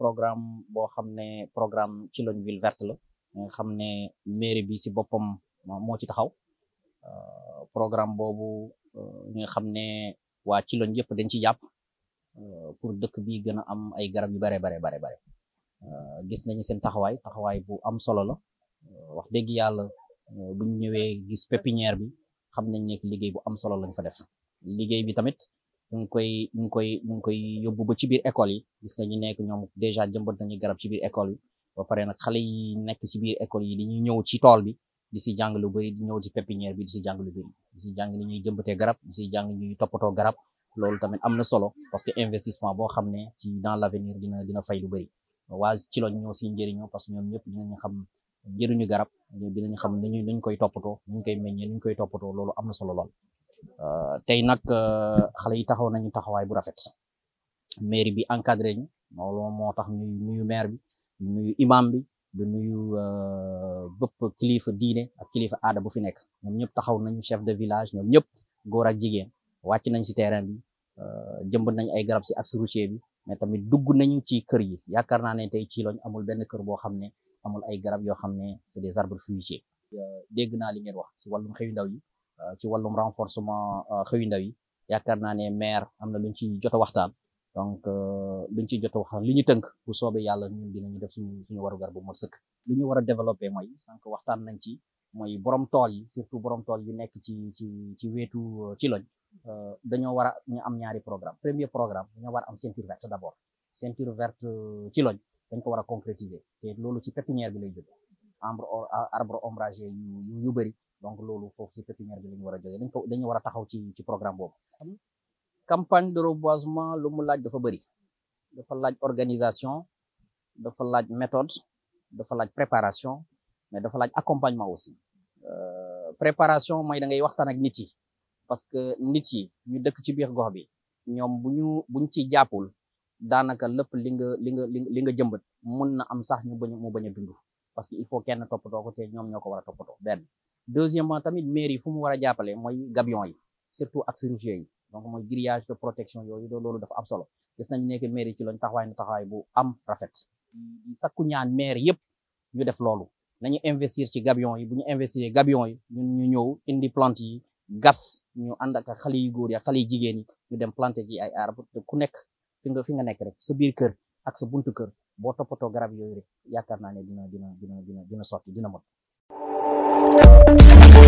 programme boo xam ne programme Thilogne verte la nga xam ne mairie bi si boppam moo ci taxaw euh, programme boobu euh, nga xam ne waa ci Thilogne yëpp dañ ci jàpp euh, pour dëkk bi gën a am ay garab yu bare bare bare bare gis nañu seen taxawaay taxawaay bu am solo la wax dëgg yàlla bu ñu ñëwee gis pépinière bi xam nañ ne liggéey bu am solo lañ fa def liggéey bi tamit ñu ngi koy ñu ngi koy ñu ngi koy yóbbu ba ci biir école yi gis nga ñu nekk ñoom déjà jëmbat nañu garab ci biir école yi ba pare nag xale yi nekk si biir école yi dañuy ñëw ci tool bi di si jàng lu bëri di ñëw ci pépinière bi di si jàng lu bëri di si jàng ni ñuy jëmbatee garab di si jàng ñuy toppatoo garab loolu tamit am na solo parce que investissement boo xam ne ci dans l'avenir dina dina fay lu bëri waa ci loñ ñoo si njëriñoo parce que ñoom ñëpp dinañu xam njëriñu garab dinañu xam nañu nañ koy toppatoo nuñ koy meññee nuñ koy toppatoo loolu am na solo lool Eh, tey nag eh, xale yi taxaw nañu taxawaay bu rafet mairie bi encadré ñu moo tax ñuy nuyu maire bi ñu nuyu imam bi du nuyu eh, bëpp kilifa diine ak kilifa aada bu fi nekk ñoom ñëpp taxaw nañu chef de village ñoom ñëpp góor ak jigéen wàcc nañ si terrain bi jëmbat nañ ay garab si axe routier bi mais tamit dugg nañu ci kër yi yaakaar naa ne tey ci lañ amul benn kër boo xam ne amul ay garab yoo xam ne c'est des arbres fruitiers dégg naa li ngeen wax si wàllum xëyu ndaw yi Euh, ci wàllum renforcement euh, xëyu ndaw yi yaakaar naa ne maire am na luñ ci jot a waxtaan donc euh, luñ ci jot a waxtaan lu ñu tënk bu soobee yàlla ñu ñun ñu def suñu suñu warugar bu mot sëkk lu ñu war a développé mooy sànq waxtaan nañ ci mooy borom tool yi surtout borom tool yi nekk ci ci ci weetu ci loñ dañoo war a ñu am ñaari programme premier programme ñu war a am ceinture verte d'abord ceinture verte ci loñ dañ ko war a concrétiser te loolu ci pépinière bi lay jóge arbre ombragé yu yu bëri donc loolu foofu si pépinière bi lañu wara war dañ ko dañu wara taxaw ci ci programme boobu campagne hmm. de reboisement lu mu laaj dafa bari dafa laaj organisation dafa laaj méthode dafa laaj préparation mais dafa laaj accompagnement aussi euh préparation moy da ngay waxtan ak nit yi parce que nit yi ñu dëkk ci biir gox bi ñom buñu buñ ci jappul danaka lepp li nga li nga li nga jëmbat mën na am sax ñu bañ mo bañ a dund parce que il faut kenn topato ko té ñom ñoko wara topato ben deuxièmement tamit mairie yi fu mu war a jàppale gabion yi surtout ak chirurgien yi donc moy grillage de protection yoyu do lolu dafa am solo gis nañu nek mairie ci lañ taxaway na taxawaay bu am rafet di sakku ñaan maire yépp ñu def lolu nañu investir ci gabion yi bu ñu investir gabion yi ñun ñu ñew indi plante yi gas ñu and ak xali yu goor ya xali jigen yi ñu dem planter ji ay arbre ku nek fi nga fi nga nek rek sa biir kër ak sa buntu kër bo topoto garab yoyu rek yakarna naa ne dina dina dina dina dina sotti dina mot Música